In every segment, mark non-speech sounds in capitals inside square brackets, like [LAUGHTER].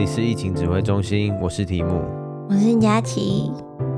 這裡是疫情指揮中心，我是提姆，我是佳琪，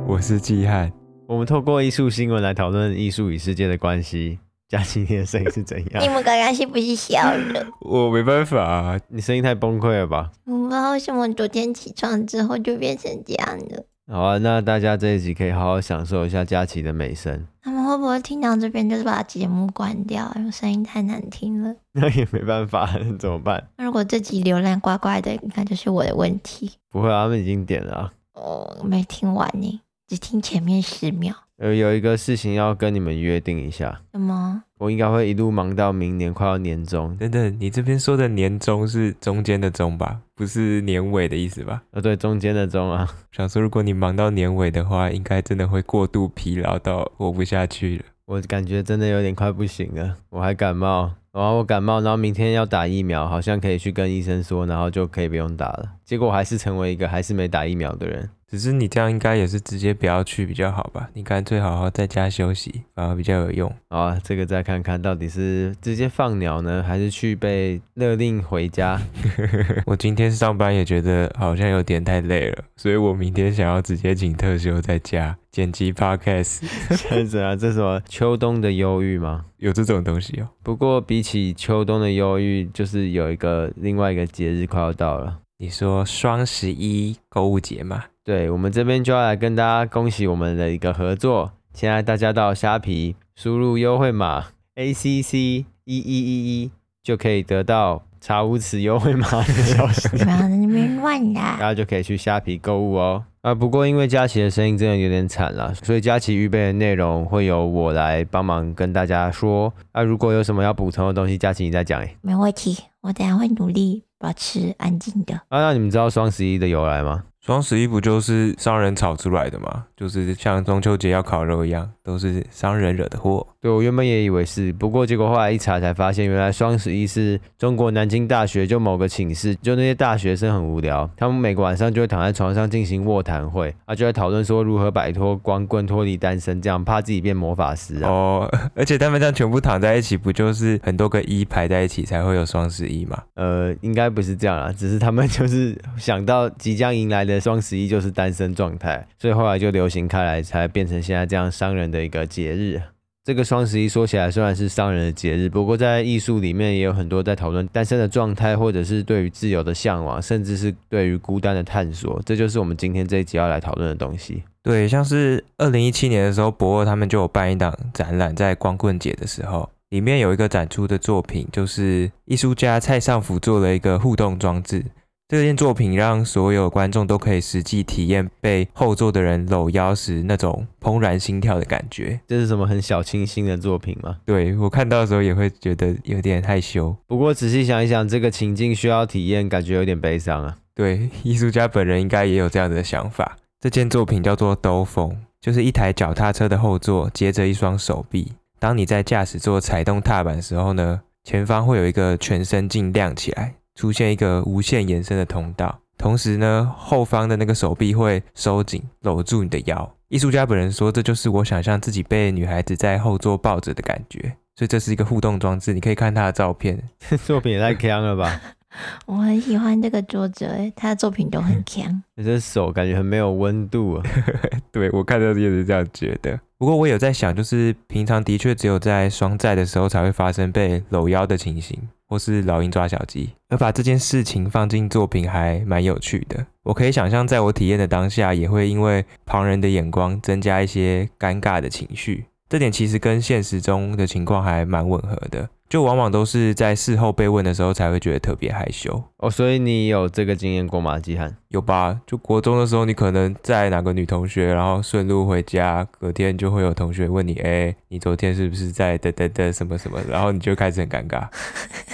我是季漢。我們透過藝術新聞來討論藝術與世界的關係。佳琪，你的聲音是怎樣？ [LAUGHS] 你們剛剛是不是笑了？我沒辦法啊，你聲音太崩潰了吧？我不知道為什麼昨天起床之後就變成這樣了。好啊，那大家這一集可以好好享受一下佳琪的美聲。會不會聽到這邊就是把節目關掉？因為聲音太難聽了。那 [LAUGHS] 也沒辦法，怎麼辦？那如果這集流覽怪怪的，應該就是我的問題。不會啊，他們已經點了、啊。哦，我沒聽完呢，只聽前面十秒。有、呃、有一個事情要跟你們約定一下。什麼？我應該會一路忙到明年快要年終。等等，你這邊說的年終是中間的中吧？不是年尾的意思吧？呃、哦，對，中間的中啊。我想說，如果你忙到年尾的話，應該真的會過度疲勞到活不下去了。我感覺真的有點快不行了。我還感冒，然、哦、後我感冒，然後明天要打疫苗，好像可以去跟醫生說，然後就可以不用打了。結果我還是成為一個還是沒打疫苗的人。只是你這樣應該也是直接不要去比較好吧？你乾脆好好在家休息，然後比較有用。好啊，這個再看看到底是直接放鳥呢，還是去被勒令回家？ [LAUGHS] 我今天上班也覺得好像有點太累了，所以我明天想要直接請特休在家剪輯 podcast。真的 [LAUGHS] 啊，這什麼？秋冬的憂鬱嗎？有這種東西哦。不過比起秋冬的憂鬱，就是有一個另外一個節日快要到了。你說雙十一購物節嘛？對，我們這邊就要來跟大家恭喜我們的一個合作。現在大家到蝦皮輸入優惠碼 A C C 一一一一，11 11，就可以得到查無此優惠碼 [LAUGHS] 的消息。不要在那邊亂呀！大家就可以去蝦皮購物哦。啊，不過因為佳琪的聲音真的有點慘了，所以佳琪預備的內容會由我來幫忙跟大家說。啊，如果有什麼要補充的東西，佳琪你再講誒。沒問題，我等下會努力。保持安靜的。啊，那你們知道雙十一的由來嗎？雙十一不就是商人炒出來的嗎？就是像中秋節要烤肉一樣，都是商人惹的禍。對，我原本也以為是，不過結果後來一查才發現，原來雙十一是中國南京大學就某個寢室，就那些大學生很無聊，他們每個晚上就會躺在床上進行臥談會，啊，就在討論說如何擺脫光棍、脫離單身，這樣怕自己變魔法師啊。哦，而且他們這樣全部躺在一起，不就是很多個一排在一起才會有雙十一嗎？呃，應該不是這樣啊，只是他們就是想到即將迎來的。雙十一就是單身狀態，所以後來就流行開來，才變成現在這樣商人的一個節日。這個雙十一說起來雖然是商人的節日，不過在藝術裡面也有很多在討論單身的狀態，或者是對於自由的向往，甚至是對於孤單的探索。這就是我們今天這一集要來討論的東西。對，像是二零一七年的時候，博爾他們就有辦一檔展覽，在光棍節的時候，裡面有一個展出的作品，就是藝術家蔡尚孚做了一個互動裝置。這件作品讓所有觀眾都可以實際體驗被後座的人摟腰時那種怦然心跳的感覺。這是什麼很小清新的作品嗎？對，我看到的時候也會覺得有點害羞。不過仔細想一想，這個情境需要體驗，感覺有點悲傷啊。對，藝術家本人應該也有這樣的想法。這件作品叫做“兜風”，就是一台腳踏車的後座接着一雙手臂。當你在駕駛座踩動踏板的時候呢，前方會有一個全身鏡亮起來。出現一個無限延伸的通道，同時呢，後方的那個手臂會收緊，摟住你的腰。藝術家本人說，這就是我想象自己被女孩子在後座抱着的感覺。所以這是一個互動裝置，你可以看他的照片。這 [LAUGHS] 作品也太坑了吧！ [LAUGHS] 我很喜歡這個作者，他的作品都很強。你的 [LAUGHS] 手感覺很沒有溫度啊， [LAUGHS] 對，我看到也是這樣覺得。不過我有在想，就是平常的確只有在雙載的時候才會發生被摟腰的情形，或是老鷹抓小雞，而把這件事情放進作品還蠻有趣的。我可以想象，在我體驗的當下，也會因為旁人的眼光增加一些尷尬的情緒。這點其實跟現實中的情況還蠻吻合的。就往往都是在事後被問的時候才會覺得特別害羞哦，oh, 所以你有這個經驗過嗎，吉漢？有吧？就國中的時候，你可能載哪個女同學，然後順路回家，隔天就會有同學問你，哎、欸，你昨天是不是在的的的什麼什麼？然後你就開始很尷尬。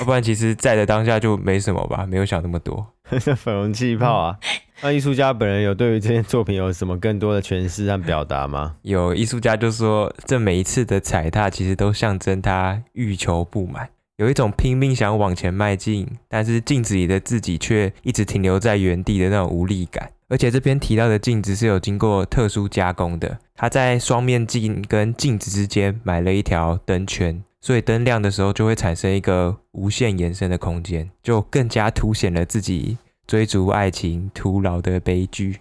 要 [LAUGHS] 不然，其實在的當下就沒什麼吧，沒有想那麼多， [LAUGHS] 粉紅氣泡啊。 [LAUGHS] 那藝術家本人有對於這件作品有什麼更多的詮釋和表達嗎？有，藝術家就說，這每一次的踩踏其實都象徵他欲求不滿，有一種拼命想往前邁進，但是鏡子裡的自己卻一直停留在原地的那種無力感。而且這邊提到的鏡子是有經過特殊加工的，他在雙面鏡跟鏡子之間買了一條燈圈，所以燈亮的時候就會產生一個無限延伸的空間，就更加凸顯了自己。追逐愛情徒勞的悲劇，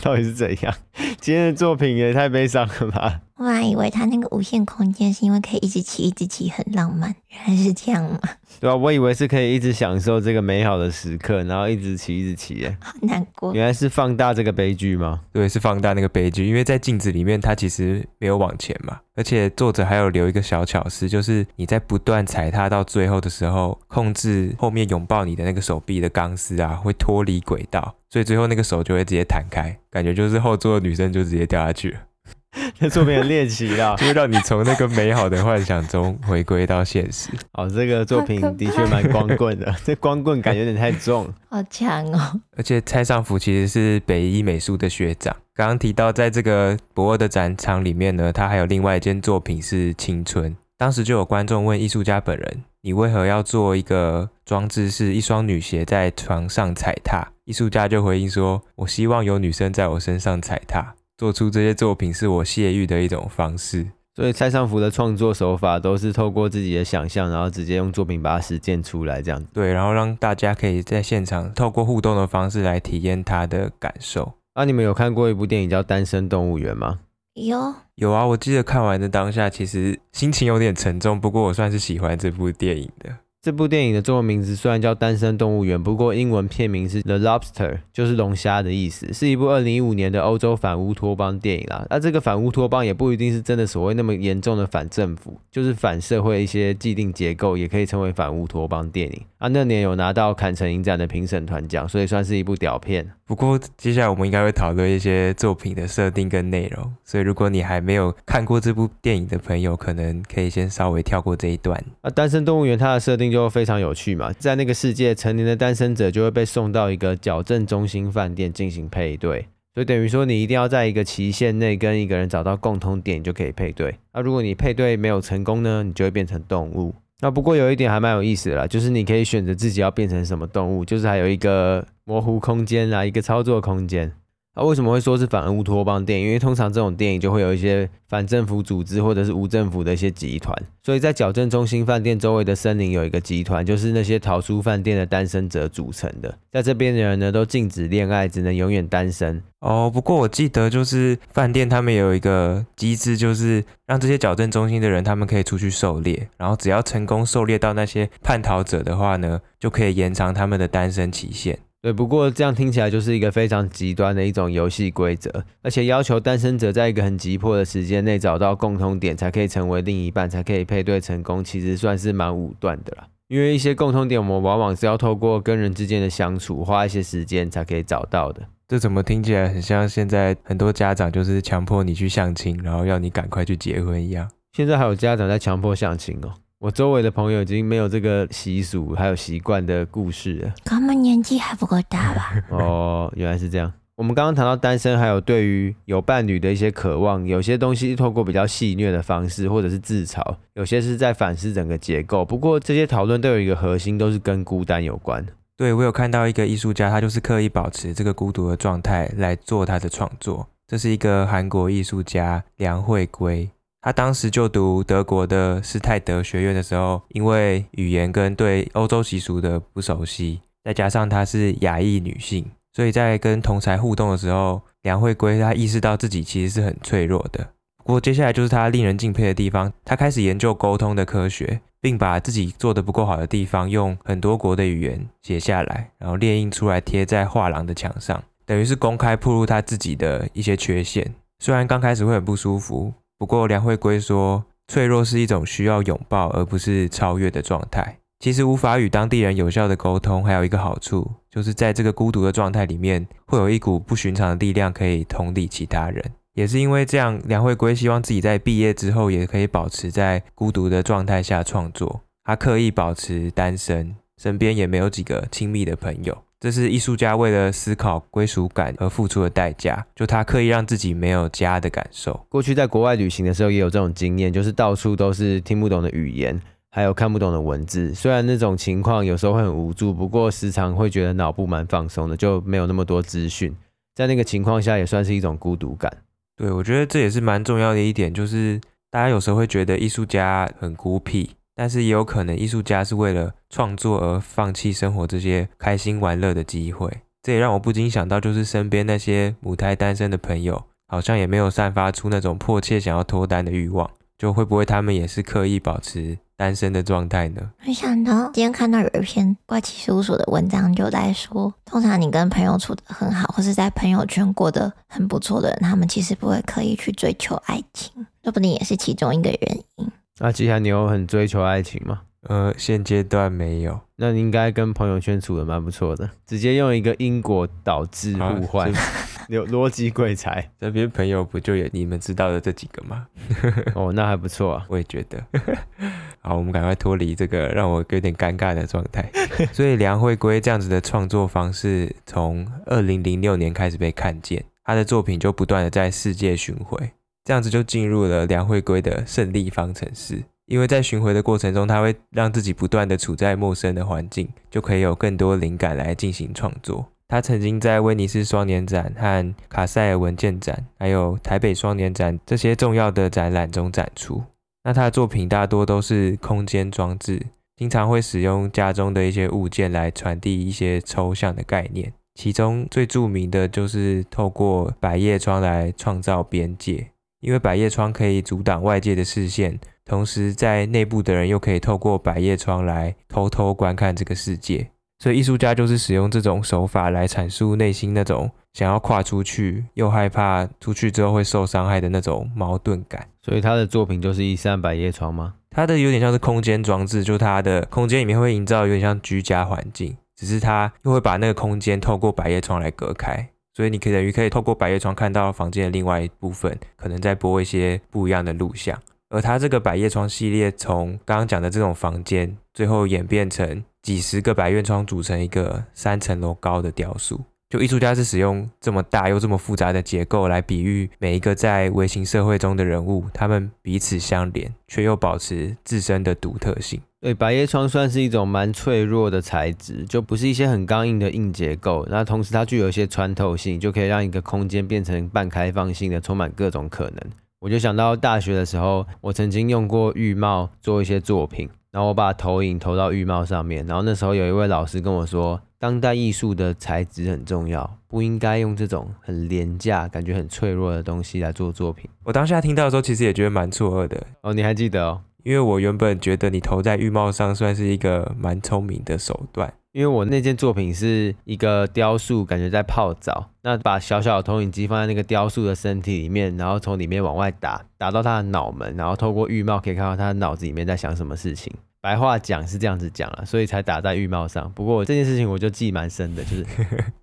到底是怎樣？今天的作品也太悲傷了吧。我還以為他那個無限空間是因為可以一直騎一直騎很浪漫，原來是這樣嗎？對啊，我以為是可以一直享受這個美好的時刻，然後一直騎一直騎，誒，好難過。原來是放大這個悲劇嗎？對，是放大那個悲劇，因為在鏡子裡面他其實沒有往前嘛，而且作者還有留一個小巧思，就是你在不斷踩踏到最後的時候，控制後面擁抱你的那個手臂的鋼絲啊會脫離軌道，所以最後那個手就會直接彈開，感覺就是後座的女生就直接掉下去了。這作品獵奇啊， [LAUGHS] 就會讓你從那個美好的幻想中回歸到現實。哦，這個作品的確蠻光棍的， [LAUGHS] 這光棍感覺有點太重，好強哦！而且蔡尚孚其實是北藝美術的學長，剛剛提到在這個博二的展場裡面呢，他還有另外一件作品是《青春》。當時就有觀眾問藝術家本人：“你為何要做一個裝置，是一雙女鞋在床上踩踏？”藝術家就回應說：“我希望有女生在我身上踩踏。”做出這些作品是我洩慾的一種方式，所以蔡尚孚的創作手法都是透過自己的想象，然後直接用作品把它實踐出來，這樣子。對，然後讓大家可以在現場透過互動的方式來體驗他的感受。那、啊、你們有看過一部電影叫《單身動物園》嗎？有，有啊。我記得看完的當下，其實心情有點沉重，不過我算是喜歡這部電影的。這部電影的中文名字雖然叫《單身動物園》，不過英文片名是 The Lobster，就是龍蝦的意思，是一部二零一五年的歐洲反烏托邦電影啦。那、啊、這個反烏托邦也不一定是真的所謂那麼嚴重的反政府，就是反社會一些既定結構，也可以稱為反烏托邦電影啊。那年有拿到坎城影展的評審團獎，所以算是一部屌片。不過接下來我們應該會討論一些作品的設定跟內容，所以如果你還沒有看過這部電影的朋友，可能可以先稍微跳過這一段。啊，單身動物園它的設定就非常有趣嘛，在那個世界，成年的單身者就會被送到一個矯正中心飯店進行配對，所以等於說你一定要在一個期限內跟一個人找到共同點就可以配對。那、啊、如果你配對沒有成功呢，你就會變成動物。那不過有一點還蠻有意思的啦，就是你可以選擇自己要變成什麼動物，就是還有一個模糊空間啊，一個操作空間。啊，為什麼會說是反烏托邦電影？因為通常這種電影就會有一些反政府組織或者是無政府的一些集團。所以在矯正中心飯店周圍的森林有一個集團，就是那些逃出飯店的單身者組成的。在這邊的人呢，都禁止戀愛，只能永遠單身。哦，不過我記得就是飯店他們有一個機制，就是讓這些矯正中心的人他們可以出去狩獵，然後只要成功狩獵到那些叛逃者的話呢，就可以延長他們的單身期限。對，不過這樣聽起來就是一個非常極端的一種遊戲規則，而且要求單身者在一個很急迫的時間內找到共同點才可以成為另一半，才可以配對成功，其實算是蠻武斷的啦。因為一些共同點，我們往往是要透過跟人之間的相處，花一些時間才可以找到的。這怎麼聽起來很像現在很多家長就是強迫你去相親，然後要你趕快去結婚一樣？現在還有家長在強迫相親哦。我周圍的朋友已經沒有這個習俗，還有習慣的故事了。他們年紀還不夠大吧？哦，原來是這樣。我們剛剛談到單身，還有對於有伴侶的一些渴望，有些東西是透過比較戲謔的方式，或者是自嘲；有些是在反思整個結構。不過，這些討論都有一個核心，都是跟孤單有關。對，我有看到一個藝術家，他就是刻意保持這個孤獨的狀態來做他的創作。這是一個韓國藝術家梁惠圭。她當時就讀德國的施泰德學院的時候，因為語言跟對歐洲習俗的不熟悉，再加上她是亞裔女性，所以在跟同儕互動的時候，梁惠圭她意識到自己其實是很脆弱的。不過接下來就是她令人敬佩的地方，她開始研究溝通的科學，並把自己做得不夠好的地方用很多國的語言寫下來，然後列印出來貼在畫廊的牆上，等於是公開暴露她自己的一些缺陷。雖然剛開始會很不舒服，不過，梁惠圭說，脆弱是一種需要擁抱，而不是超越的狀態。其實，無法與當地人有效的溝通，還有一個好處，就是在這個孤獨的狀態裡面，會有一股不尋常的力量，可以同理其他人。也是因為這樣，梁惠圭希望自己在畢業之後也可以保持在孤獨的狀態下創作。他刻意保持單身，身邊也沒有幾個親密的朋友。這是藝術家為了思考歸屬感而付出的代價。就他刻意讓自己沒有家的感受。過去在國外旅行的時候，也有這種經驗，就是到處都是聽不懂的語言，還有看不懂的文字。雖然那種情況有時候會很無助，不過時常會覺得腦部蠻放鬆的，就沒有那麼多資訊。在那個情況下，也算是一種孤獨感。對，我覺得這也是蠻重要的一點，就是大家有時候會覺得藝術家很孤僻。但是也有可能，藝術家是為了創作而放棄生活，這些開心玩樂的機會。這也讓我不禁想到，就是身邊那些母胎單身的朋友，好像也沒有散發出那種迫切想要脫單的慾望。就會不會他們也是刻意保持單身的狀態呢？沒想到今天看到有一篇怪奇事務所的文章，就在說，通常你跟朋友處得很好，或是在朋友圈過得很不錯的人，他們其實不會刻意去追求愛情，說不定也是其中一個原因。那接下來你有很追求愛情嗎？呃，現階段沒有。那你應該跟朋友圈處的蠻不錯的，直接用一個因果導致互換，啊、 [LAUGHS] 有邏輯鬼才。這邊朋友不就有你們知道的這幾個嗎？ [LAUGHS] 哦，那還不錯啊，我也覺得。 [LAUGHS] 好，我們趕快脫離這個讓我有點尷尬的狀態。 [LAUGHS] 所以梁惠圭這樣子的創作方式，從二零零六年開始被看見，他的作品就不斷的在世界巡迴。這樣子就進入了梁惠圭的勝利方程式，因為在巡迴的過程中，他會讓自己不斷的處在陌生的環境，就可以有更多靈感來進行創作。他曾經在威尼斯雙年展和卡塞爾文件展，還有台北雙年展這些重要的展覽中展出。那他的作品大多都是空間裝置，經常會使用家中的一些物件來傳遞一些抽象的概念。其中最著名的就是透過百葉窗來創造邊界。因為百葉窗可以阻擋外界的視線，同時在內部的人又可以透過百葉窗來偷偷觀看這個世界。所以藝術家就是使用這種手法來闡述內心那種想要跨出去，又害怕出去之後會受傷害的那種矛盾感。所以他的作品就是一扇百葉窗嗎？他的有點像是空間裝置，就他的空間裡面會營造有點像居家環境，只是他又會把那個空間透過百葉窗來隔開。所以你可以等於可以透過百葉窗看到房間的另外一部分，可能在播一些不一樣的錄像。而他這個百葉窗系列，從剛剛講的這種房間，最後演變成幾十個百葉窗組成一個三層樓高的雕塑。就藝術家是使用這麼大又這麼複雜的結構來比喻每一個在微型社會中的人物，他們彼此相連，卻又保持自身的獨特性。對，百葉窗算是一種蠻脆弱的材質，就不是一些很剛硬的硬結構。那同時它具有一些穿透性，就可以讓一個空間變成半開放性的，充滿各種可能。我就想到大學的時候，我曾經用過浴帽做一些作品。然後我把投影投到浴帽上面，然後那時候有一位老師跟我說，當代藝術的材質很重要，不應該用這種很廉價、感覺很脆弱的東西來做作品。我當下聽到的時候，其實也覺得蠻錯愕的。哦，你還記得哦？因為我原本覺得你投在浴帽上算是一個蠻聰明的手段。因為我那件作品是一個雕塑，感覺在泡澡。那把小小的投影機放在那個雕塑的身體裡面，然後從裡面往外打，打到他的腦門，然後透過浴帽可以看到他的腦子裡面在想什麼事情。白話講是這樣子講了啊，所以才打在浴帽上。不過這件事情我就記蠻深的，就是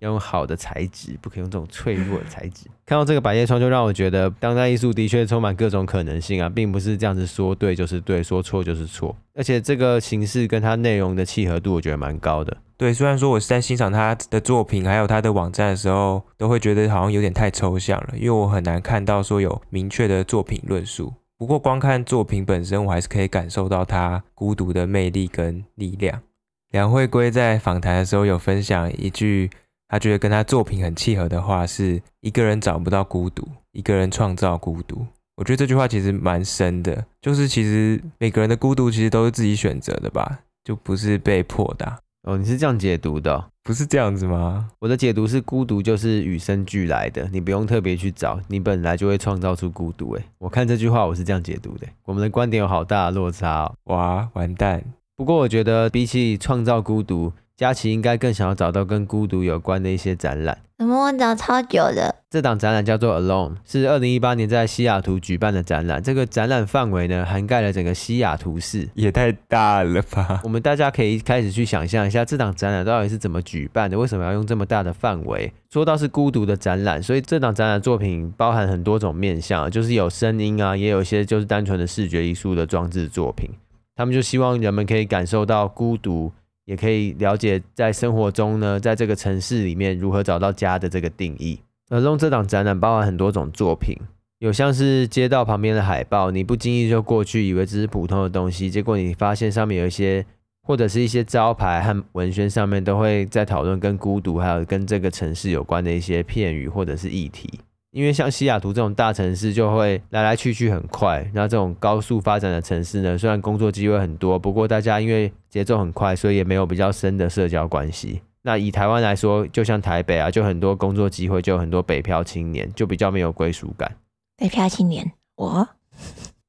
要用好的材質，不可以用這種脆弱的材質。 [LAUGHS] 看到這個百葉窗，就讓我覺得當代藝術的確充滿各種可能性啊，並不是這樣子說對就是對，說錯就是錯。而且這個形式跟它內容的契合度，我覺得蠻高的。對，雖然說我是在欣賞他的作品，還有他的網站的時候，都會覺得好像有點太抽象了，因為我很難看到說有明確的作品論述。不過，光看作品本身，我還是可以感受到他孤獨的魅力跟力量。梁惠圭在訪談的時候有分享一句他覺得跟他作品很契合的話是：“是一個人找不到孤獨，一個人創造孤獨。”我覺得這句話其實蠻深的，就是其實每個人的孤獨其實都是自己選擇的吧，就不是被迫的啊。哦，你是這樣解讀的哦？不是這樣子嗎？我的解讀是孤獨就是與生俱來的，你不用特別去找，你本來就會創造出孤獨。誒，我看這句話我是這樣解讀的，我們的觀點有好大的落差哦。哇，完蛋！不過我覺得比起創造孤獨，佳琪應該更想要找到跟孤獨有關的一些展覽。嗯，我們找超久的這檔展覽叫做 Alone，是二零一八年在西雅圖舉辦的展覽。這個展覽範圍呢，涵蓋了整個西雅圖市，也太大了吧？我們大家可以開始去想象一下，這檔展覽到底是怎麼舉辦的？為什麼要用這麼大的範圍？說到是孤獨的展覽，所以這檔展覽作品包含很多種面向，就是有聲音啊，也有一些就是單純的視覺藝術的裝置作品。他們就希望人們可以感受到孤獨。也可以了解在生活中呢，在這個城市裡面如何找到家的這個定義。ALONE 這檔展覽包含很多種作品，有像是街道旁邊的海報，你不經意就過去，以為只是普通的東西，結果你發現上面有一些，或者是一些招牌和文宣，上面都會在討論跟孤獨還有跟這個城市有關的一些片語或者是議題。因為像西雅圖這種大城市就會來來去去很快，那這種高速發展的城市呢，雖然工作機會很多，不過大家因為節奏很快，所以也沒有比較深的社交關係。那以台灣來說，就像台北啊，就很多工作機會，就很多北漂青年，就比較沒有歸屬感。北漂青年，我，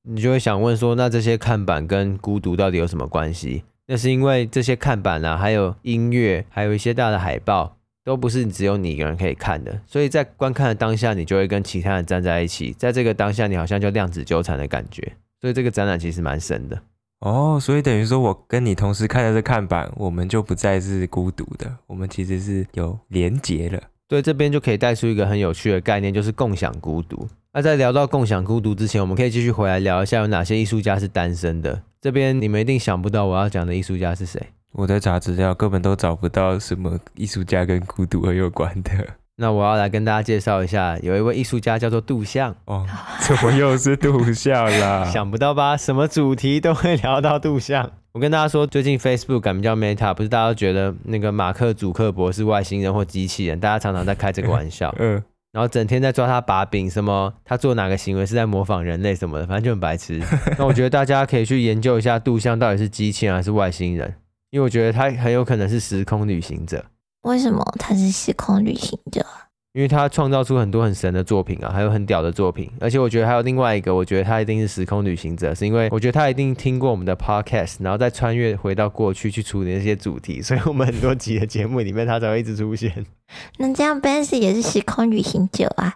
你就會想問說，那這些看板跟孤獨到底有什麼關係？那是因為這些看板啊，還有音樂，還有一些大的海報。都不是只有你一個人可以看的，所以在觀看的當下，你就會跟其他人站在一起，在這個當下，你好像就量子糾纏的感覺，所以這個展覽其實蠻深的哦。所以等於說我跟你同時看的是看板，我們就不再是孤獨的，我們其實是有連結了。對，這邊就可以帶出一個很有趣的概念，就是共享孤獨。那、啊、在聊到共享孤獨之前，我們可以繼續回來聊一下有哪些藝術家是單身的。這邊你們一定想不到我要講的藝術家是誰。我在查資料，根本都找不到什麼藝術家跟孤獨很有關的。那我要來跟大家介紹一下，有一位藝術家叫做杜象。哦，怎麼又是杜象啦？ [LAUGHS] 想不到吧？什麼主題都會聊到杜象。我跟大家說，最近 Facebook 改名叫 Meta，不是大家都覺得那個馬克·祖克伯是外星人或機器人？大家常常在開這個玩笑。 [LAUGHS] 嗯。然後整天在抓他把柄，什麼他做哪個行為是在模仿人類什麼的，反正就很白痴。 [LAUGHS] 那我覺得大家可以去研究一下杜象到底是機器人還是外星人。因為我覺得他很有可能是時空旅行者。為什麼他是時空旅行者？因為他創造出很多很神的作品啊，還有很屌的作品。而且我覺得還有另外一個，我覺得他一定是時空旅行者，是因為我覺得他一定聽過我們的 podcast，然後再穿越回到過去去處理那些主題。所以我們很多集的節目裡面，他才會一直出現。 [LAUGHS] 那這樣 Benz 也是時空旅行者啊？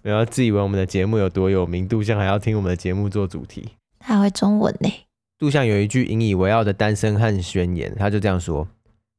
然後 [LAUGHS] 自以為我們的節目有多有名度，杜象還要聽我們的節目做主題。他還會中文呢。.杜象有一句引以為傲的單身漢宣言，他就這樣說：“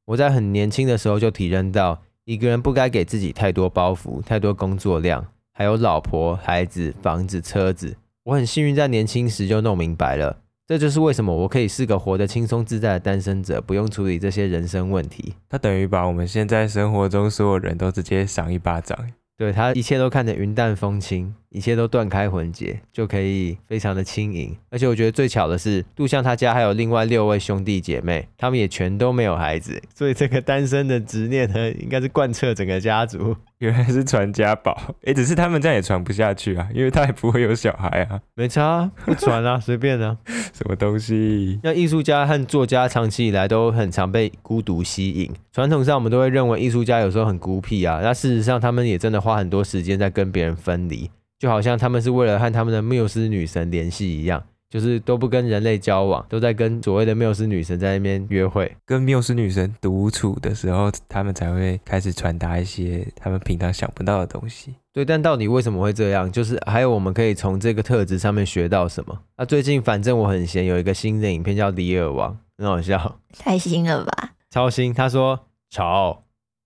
我在很年輕的時候就體認到，一個人不該給自己太多包袱、太多工作量，還有老婆、孩子、房子、車子。我很幸運在年輕時就弄明白了，這就是為什麼我可以是個活得輕鬆自在的單身者，不用處理這些人生問題。”他等於把我們現在生活中所有人都直接賞一巴掌，對，他一切都看得雲淡風輕。一切都斷開魂結，就可以非常的輕盈。而且我覺得最巧的是，杜象他家還有另外六位兄弟姐妹，他們也全都沒有孩子，所以這個單身的執念呢，應該是貫徹整個家族，原來是傳家寶。哎、欸，只是他們這樣也傳不下去啊，因為他也不會有小孩啊。沒差，不傳啊，隨 [LAUGHS] 便啊，什麼東西？那藝術家和作家長期以來都很常被孤獨吸引。傳統上我們都會認為藝術家有時候很孤僻啊，那事實上他們也真的花很多時間在跟別人分離。就好像他們是為了和他們的繆斯女神聯繫一樣，就是都不跟人類交往，都在跟所謂的繆斯女神在那邊約會，跟繆斯女神獨處的時候，他們才會開始傳達一些他們平常想不到的東西。對，但到底為什麼會這樣？就是還有我們可以從這個特質上面學到什麼？那、啊、最近反正我很閒，有一個新的影片叫《李爾王》，很好笑，太新了吧？超新，他說吵，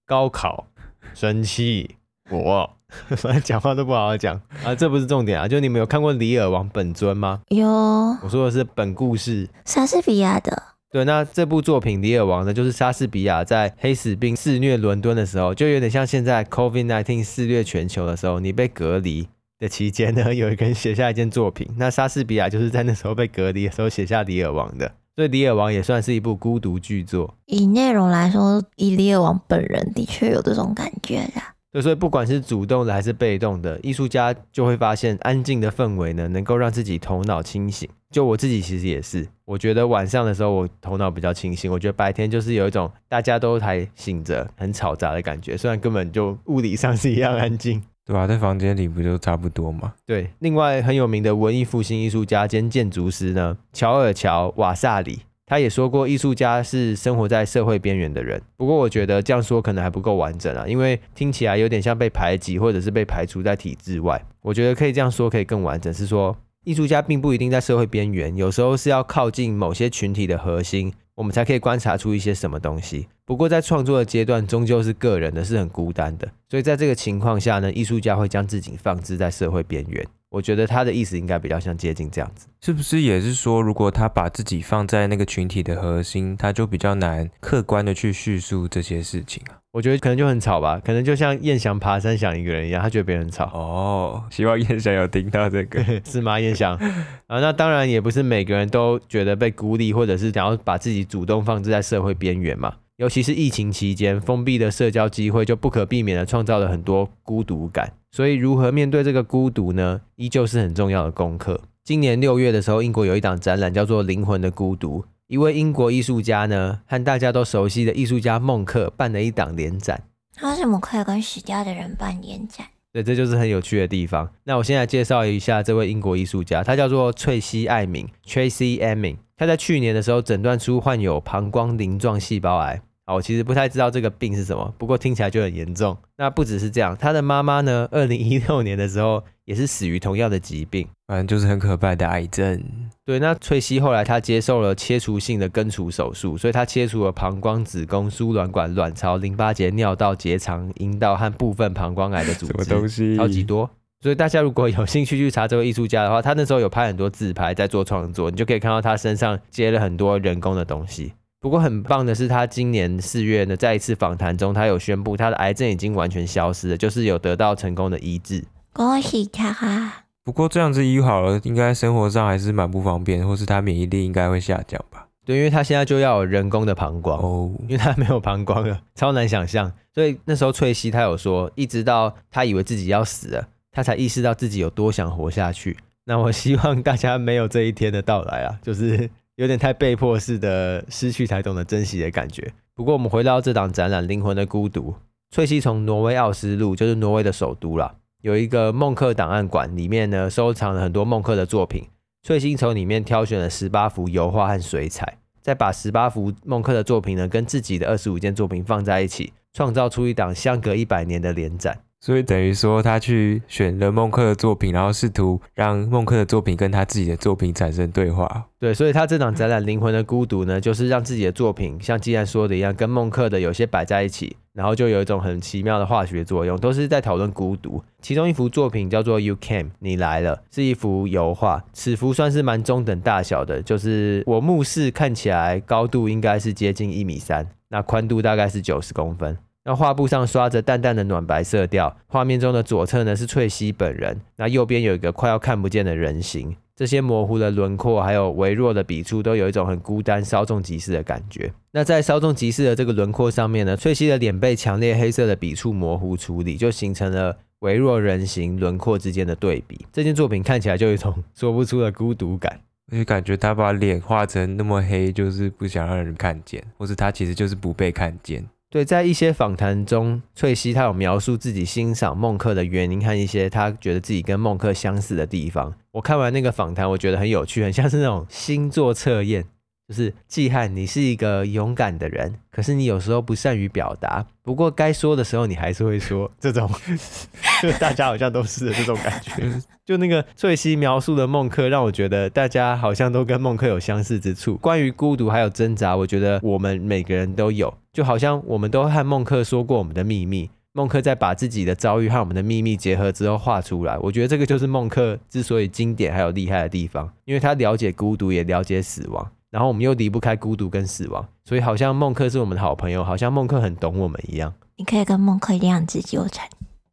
高考，生氣。我、哦、反正講話都不好好講啊，這不是重點啊！就你們有看過《李爾王》本尊嗎？有，我說的是本故事，莎士比亞的。對，那這部作品《李爾王》呢，就是莎士比亞在黑死病肆虐倫敦的時候，就有點像現在 COVID-19 肆虐全球的時候，你被隔離的期間呢，有一個人寫下一件作品。那莎士比亞就是在那時候被隔離的時候寫下《李爾王》的，所以《李爾王》也算是一部孤獨劇作。以內容來說，以李爾王本人的確有這種感覺啊。所以不管是主動的還是被動的，藝術家就會發現安靜的氛圍呢，能夠讓自己頭腦清醒。就我自己其實也是，我覺得晚上的時候我頭腦比較清醒。我覺得白天就是有一種大家都還醒着、很吵雜的感覺，雖然根本就物理上是一樣安靜，對吧、啊？在房間裡不就差不多嘛。對。另外很有名的文藝復興藝術家兼建築師呢，喬爾喬·瓦薩里。他也說過，藝術家是生活在社會邊緣的人。不過，我覺得這樣說可能還不夠完整啊，因為聽起來有點像被排擠或者是被排除在體制外。我覺得可以這樣說，可以更完整，是說藝術家並不一定在社會邊緣，有時候是要靠近某些群體的核心，我們才可以觀察出一些什麼東西。不過，在創作的階段，終究是個人的，是很孤單的。所以，在這個情況下呢，藝術家會將自己放置在社會邊緣。我覺得他的意思應該比較像接近這樣子，是不是也是說，如果他把自己放在那個群體的核心，他就比較難客觀的去敘述這些事情啊？我覺得可能就很吵吧，可能就像燕翔爬山想一個人一樣，他覺得別人很吵。哦，希望燕翔有聽到這個， [LAUGHS] 是嗎？燕翔 [LAUGHS] 啊，那當然也不是每個人都覺得被孤立，或者是想要把自己主動放置在社會邊緣嘛。尤其是疫情期間，封閉的社交機會就不可避免的創造了很多孤獨感。所以，如何面對這個孤獨呢？依舊是很重要的功課。今年六月的時候，英國有一檔展覽叫做《靈魂的孤獨》，一位英國藝術家呢，和大家都熟悉的藝術家孟克辦了一檔聯展。他怎麼可以跟死掉的人辦聯展？對，這就是很有趣的地方。那我現在介紹一下這位英國藝術家，他叫做翠西艾敏 t r a c y Emin）。他在去年的時候診斷出患有膀胱鱗狀細，細胞癌。好，我其實不太知道這個病是什麼，不過聽起來就很嚴重。那不只是這樣，他的媽媽呢，二零一六年的時候也是死於同樣的疾病，反正就是很可怕的癌症。對，那翠西後來他接受了切除性的根除手術，所以他切除了膀胱、子宮、輸卵管、卵巢、淋巴結、尿道、結腸、陰道和部分膀胱癌的組織，什麼東西？超級多。所以大家如果有興趣去查這個藝術家的話，他那時候有拍很多自拍在做創作，你就可以看到他身上接了很多人工的東西。不過很棒的是，他今年四月呢，在一次訪談中，他有宣布他的癌症已經完全消失了，就是有得到成功的醫治。恭喜他哈！不過這樣子醫好了，應該生活上還是蠻不方便，或是他免疫力應該會下降吧？對，因為他現在就要有人工的膀胱哦，oh. 因為他沒有膀胱了，超難想象。所以那時候，翠西他有說，一直到他以為自己要死了，他才意識到自己有多想活下去。那我希望大家沒有這一天的到來啊，就是。有點太被迫似的失去才懂得珍惜的感覺。不過，我們回到這檔展覽《靈魂的孤獨》。翠西從挪威奧斯陸，就是挪威的首都啦，有一個孟克檔案館，裡面呢，收藏了很多孟克的作品。翠西從裡面挑選了十八幅油畫和水彩，再把十八幅孟克的作品呢，跟自己的二十五件作品放在一起，創造出一檔相隔一百年的聯展。所以等於說，他去選了孟克的作品，然後試圖讓孟克的作品跟他自己的作品產生對話。對，所以他這檔展覽《靈魂的孤獨》呢，就是讓自己的作品像既然說的一樣，跟孟克的有些擺在一起，然後就有一種很奇妙的化學作用，都是在討論孤獨。其中一幅作品叫做《You Came》，你來了，是一幅油畫。尺幅算是蠻中等大小的，就是我目視看起來高度應該是接近一米三，那寬度大概是九十公分。那畫布上刷着淡淡的暖白色調，畫面中的左側呢是翠西本人，那右邊有一個快要看不見的人形，這些模糊的輪廓還有微弱的筆觸，都有一種很孤單、稍縱即逝的感覺。那在稍縱即逝的這個輪廓上面呢，翠西的臉被強烈黑色的筆觸模糊處理，就形成了微弱人形輪廓之間的對比。這件作品看起來就有一種說不出的孤獨感。而且感覺他把臉畫成那麼黑，就是不想讓人看見，或是他其實就是不被看見。對，在一些訪談中，翠西她有描述自己欣賞孟克的原因和一些她覺得自己跟孟克相似的地方。我看完那個訪談，我覺得很有趣，很像是那種星座測驗。就是季漢，你是一個勇敢的人，可是你有時候不善於表達。不過該說的時候你還是會說，這種 [LAUGHS] 就大家好像都是的這種感覺。就那個翠西描述的孟克，讓我覺得大家好像都跟孟克有相似之處。關於孤獨還有掙扎，我覺得我們每個人都有，就好像我們都和孟克說過我們的秘密。孟克在把自己的遭遇和我們的秘密結合之後畫出來，我覺得這個就是孟克之所以經典還有厲害的地方，因為他了解孤獨，也了解死亡。然後我們又離不開孤獨跟死亡，所以好像孟克是我們的好朋友，好像孟克很懂我們一樣。你可以跟孟克一樣自糾纏。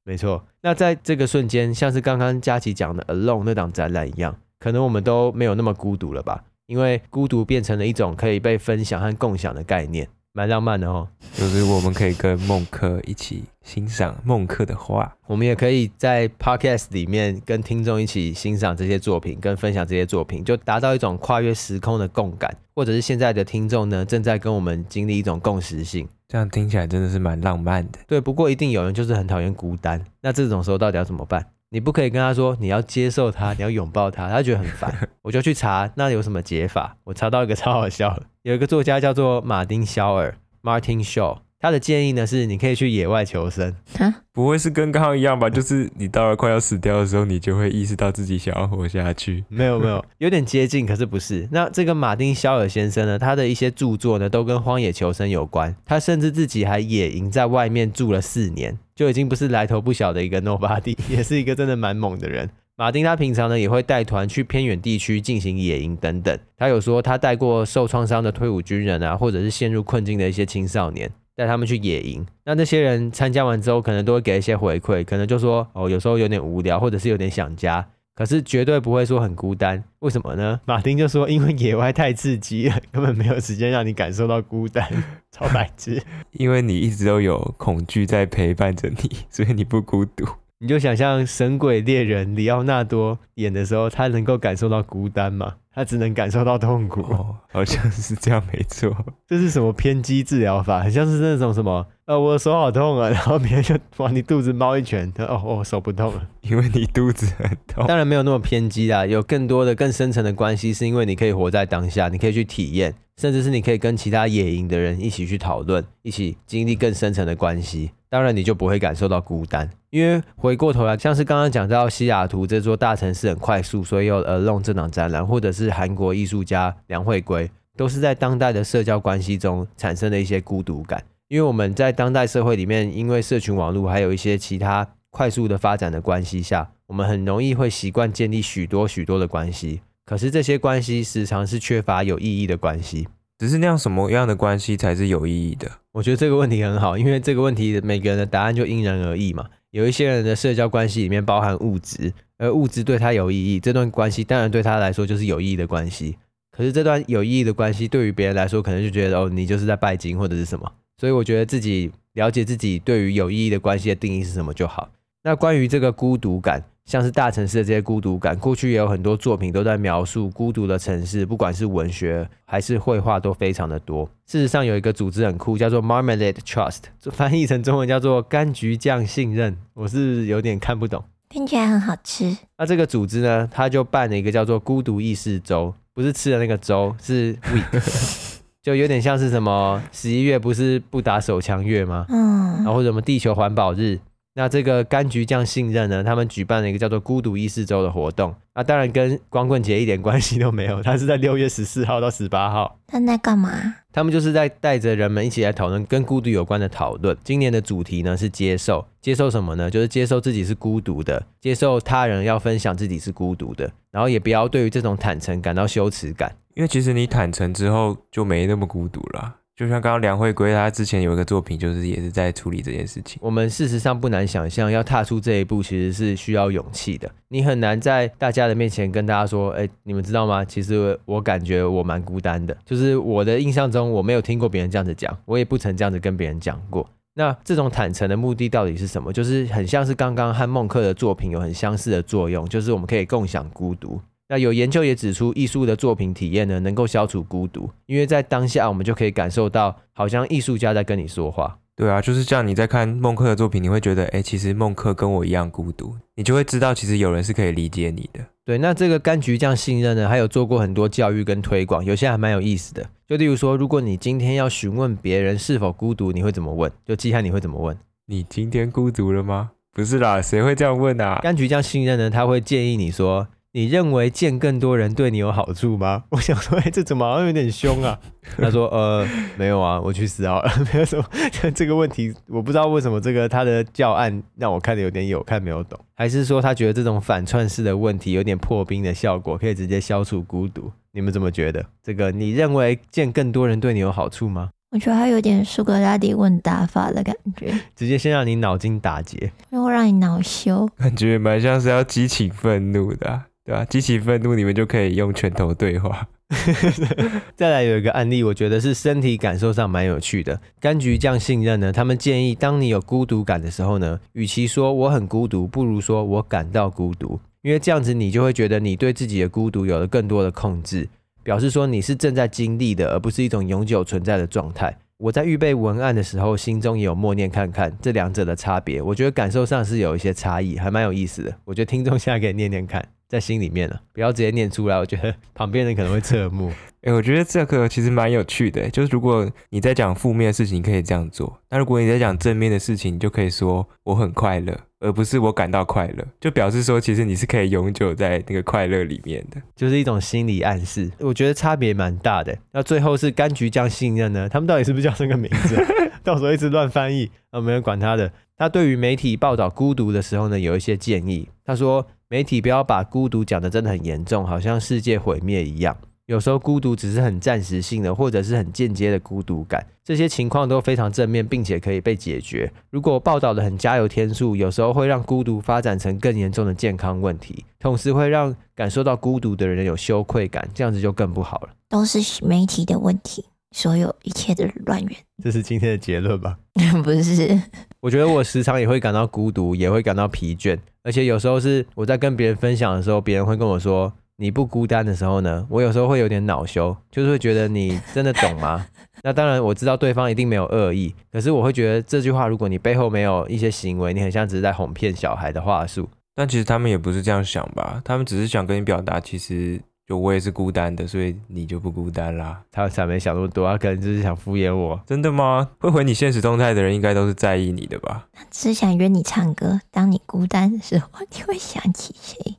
沒錯，那在這個瞬間，像是剛剛佳琪講的《alone》那檔展覽一樣，可能我們都沒有那麼孤獨了吧？因為孤獨變成了一種可以被分享和共享的概念。蠻浪漫的哦，就是我們可以跟孟克一起欣賞孟克的畫，我們也可以在 podcast 裡面跟聽眾一起欣賞這些作品，跟分享這些作品，就達到一種跨越時空的共感，或者是現在的聽眾呢正在跟我們經歷一種共識性，這樣聽起來真的是蠻浪漫的。對，不過一定有人就是很討厭孤單，那這種時候到底要怎麼辦？你不可以跟他說你要接受他，你要擁抱他，他就覺得很煩。 [LAUGHS] 我就去查那裡有什麼解法，我查到一個超好笑的，有一個作家叫做馬丁蕭爾 （Martin Shaw），他的建議呢是你可以去野外求生。蛤不會是跟剛剛一樣吧？就是你到了快要死掉的時候，你就會意識到自己想要活下去。 [LAUGHS] 沒有沒有，有點接近，可是不是。那這個馬丁蕭爾先生呢，他的一些著作呢都跟荒野求生有關，他甚至自己還野營在外面住了四年。就已經不是來頭不小的一個 nobody，也是一個真的蠻猛的人。馬丁他平常呢也會帶團去偏遠地區進行野營等等。他有說他帶過受創傷的退伍軍人啊，或者是陷入困境的一些青少年，帶他們去野營。那那些人參加完之後，可能都會給一些回饋，可能就說哦，有時候有點無聊，或者是有點想家。可是絕對不會說很孤單，為什麼呢？馬丁就說，因為野外太刺激了，根本沒有時間讓你感受到孤單。超白痴， [LAUGHS] 因為你一直都有恐懼在陪伴着你，所以你不孤獨。你就想像《神鬼獵人》李奧納多演的時候，他能夠感受到孤單嗎？他只能感受到痛苦，哦、好像是這樣沒、沒錯。這是什麼偏激治療法？很像是那種什麼……呃、哦，我的手好痛啊，然後別人就往你肚子貓一拳，他哦，我、哦、手不痛了。啊，因為你肚子很痛。當然沒有那麼偏激啦，有更多的更深層的關係，是因為你可以活在當下，你可以去體驗，甚至是你可以跟其他野營的人一起去討論，一起經歷更深層的關係。當然，你就不會感受到孤單，因為回過頭來，像是剛剛講到西雅圖這座大城市很快速，所以有了《ALONE》這檔展覽，或者是韓國藝術家梁惠圭，都是在當代的社交關係中產生的一些孤獨感，因為我們在當代社會裡面，因為社群網絡，還有一些其他快速的發展的關係下，我們很容易會習慣建立許多許多的關係，可是這些關係時常是缺乏有意義的關係。只是那樣什麼樣的關係才是有意義的？我覺得這個問題很好，因為這個問題每個人的答案就因人而異嘛。有一些人的社交關係裡面包含物質，而物質對他有意義，這段關係當然對他來說就是有意義的關係。可是這段有意義的關係對於別人來說可能就覺得哦，你就是在拜金或者是什麼。所以我覺得自己了解自己對於有意義的關係的定義是什麼就好。那關於這個孤獨感。像是大城市的這些孤獨感，過去也有很多作品都在描述孤獨的城市，不管是文學還是繪畫都非常的多。事實上有一個組織很酷，叫做 Marmalade Trust，翻譯成中文叫做“柑橘醬信任”，我是有點看不懂，聽起來很好吃。那這個組織呢，它就辦了一個叫做“孤獨意識周”，不是吃的那個周，是 week， [LAUGHS] 就有點像是什麼十一月不是不打手槍月嗎？嗯，然後什麼地球環保日。那這個柑橘醬信任呢，他們舉辦了一個叫做“孤獨意識週”的活動，那當然跟光棍節一點關係都沒有。它是在六月十四號到十八號。他在幹嘛？他們就是在帶着人們一起來討論跟孤獨有關的討論。今年的主題呢，是接受，接受什麼呢？就是接受自己是孤獨的，接受他人要分享自己是孤獨的，然後也不要對於這種坦誠感到羞恥感。因為其實你坦誠之後就沒那麼孤獨了。就像剛剛梁惠圭他之前有一個作品，就是也是在處理這件事情。我們事實上不難想象，要踏出這一步其實是需要勇氣的。你很難在大家的面前跟大家說，哎，你們知道嗎？其實我，我感覺我蠻孤單的。就是我的印象中，我沒有聽過別人這樣子講，我也不曾這樣子跟別人講過。那這種坦誠的目的到底是什麼？就是很像是剛剛和孟克的作品有很相似的作用，就是我們可以共享孤獨。那有研究也指出，藝術的作品體驗呢，能夠消除孤獨，因為在當下我們就可以感受到，好像藝術家在跟你說話。對啊，就是這樣。你在看孟克的作品，你會覺得，誒，其實孟克跟我一樣孤獨，你就會知道，其實有人是可以理解你的。對，那這個柑橘醬信任呢，還有做過很多教育跟推廣，有些還蠻有意思的。就例如說，如果你今天要詢問別人是否孤獨，你會怎麼問？就記下你會怎麼問。你今天孤獨了嗎？不是啦，誰會這樣問啊？柑橘醬信任呢，他會建議你說。你認為見更多人對你有好處嗎？我想說，哎、欸，這怎麼好像有點兇啊？ [LAUGHS] 他說，呃，沒有啊，我去死啊。 [LAUGHS] 沒有什麼。這個問題我不知道為什麼這個他的教案讓我看的有點有看沒有懂，還是說他覺得這種反串式的問題有點破冰的效果，可以直接消除孤獨？你們怎麼覺得？這個你認為見更多人對你有好處嗎？我覺得他有點蘇格拉底問答法的感覺，直接先讓你腦筋打結，又會讓你惱羞，感覺蠻像是要激起憤怒的、啊。對吧、啊？激起憤怒，你們就可以用拳頭對話。 [LAUGHS] 再來有一個案例，我覺得是身體感受上蠻有趣的。柑橘醬信任呢，他們建議，當你有孤獨感的時候呢，與其說我很孤獨，不如說我感到孤獨，因為這樣子你就會覺得你對自己的孤獨有了更多的控制，表示說你是正在經歷的，而不是一種永久存在的狀態。我在預備文案的時候，心中也有默念看看這兩者的差別。我覺得感受上是有一些差異，還蠻有意思的。我覺得聽眾現在可以念念看。在心裡面了，不要直接念出來，我覺得旁邊人可能會側目。 [LAUGHS] 哎、欸，我覺得這個其實蠻有趣的。就是如果你在講負面的事情，你可以這樣做；那如果你在講正面的事情，你就可以說“我很快樂”，而不是“我感到快樂”，就表示說其實你是可以永久在那個快樂裡面的，就是一種心理暗示。我覺得差別蠻大的。那最後是柑橘醬信任呢？他們到底是不是叫這個名字、啊？ [LAUGHS] 到時候一直亂翻譯，那沒人管他的。他對於媒體報道孤獨的時候呢，有一些建議。他說：“媒體不要把孤獨講的真的很嚴重，好像世界毀滅一樣。”有時候孤獨只是很暫時性的，或者是很間接的孤獨感，這些情況都非常正面，並且可以被解決。如果報道得很加油添醋，有時候會讓孤獨發展成更嚴重的健康問題，同時會讓感受到孤獨的人有羞愧感，這樣子就更不好了。都是媒體的問題，所有一切的亂源。這是今天的結論吧？ [LAUGHS] 不是，我覺得我時常也會感到孤獨，也會感到疲倦，而且有時候是我在跟別人分享的時候，別人會跟我說。你不孤單的時候呢？我有時候會有點惱羞，就是會覺得你真的懂嗎？ [LAUGHS] 那當然，我知道對方一定沒有惡意，可是我會覺得這句話，如果你背後沒有一些行為，你很像只是在哄騙小孩的話術。但其實他們也不是這樣想吧？他們只是想跟你表達，其實就我也是孤單的，所以你就不孤單啦。他才沒想那麼多，啊，他可能只是想敷衍我。真的嗎？會回你限時動態的人應該都是在意你的吧？他只想約你唱歌。當你孤單的時候，你會想起誰？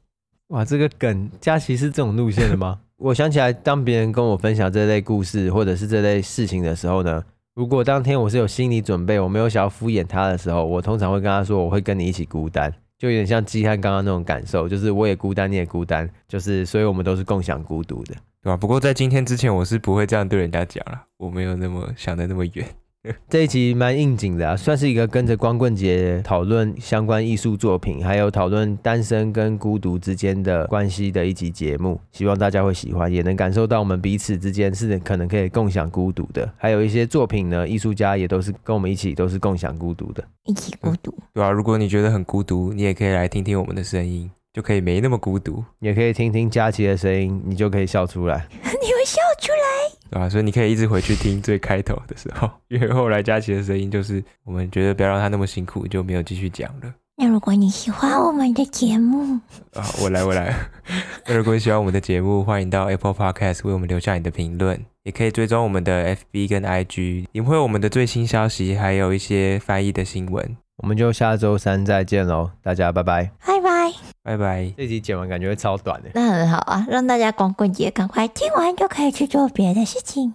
哇，這個梗，佳琪是這種路線的嗎？ [LAUGHS] 我想起來，當別人跟我分享這類故事或者是這類事情的時候呢，如果當天我是有心理準備，我沒有想要敷衍他的時候，我通常會跟他說，我會跟你一起孤單，就有點像雞漢剛剛那種感受，就是我也孤單，你也孤單，就是所以我們都是共享孤獨的。對啊，不過在今天之前，我是不會這樣對人家講了，我沒有那麼想得那麼遠。這一集蠻應景的啊，算是一個跟着光棍節討論相關藝術作品，還有討論單身跟孤獨之間的關係的一集節目，希望大家會喜歡，也能感受到我們彼此之間是可能可以共享孤獨的。還有一些作品呢，藝術家也都是跟我們一起都是共享孤獨的，一起孤獨。嗯，對啊，如果你覺得很孤獨，你也可以來聽聽我們的聲音，就可以沒那麼孤獨。也可以聽聽佳琪的聲音，你就可以笑出來。你會笑出來。啊、所以你可以一直回去聽最開頭的時候，因為後來佳琪的聲音就是我們覺得不要讓她那麼辛苦，就沒有繼續講了。那如果你喜歡我們的節目，啊，我來我來、 [LAUGHS] 啊。如果你喜歡我們的節目，歡迎到 Apple Podcast 為我們留下你的評論，也可以追蹤我們的 FB 跟 IG，領會我們的最新消息，還有一些翻譯的新聞。我們就下週三再見嘍，大家拜拜，拜拜。拜拜！這集剪完感覺會超短的，那很好啊，讓大家光棍節趕快聽完就可以去做別的事情。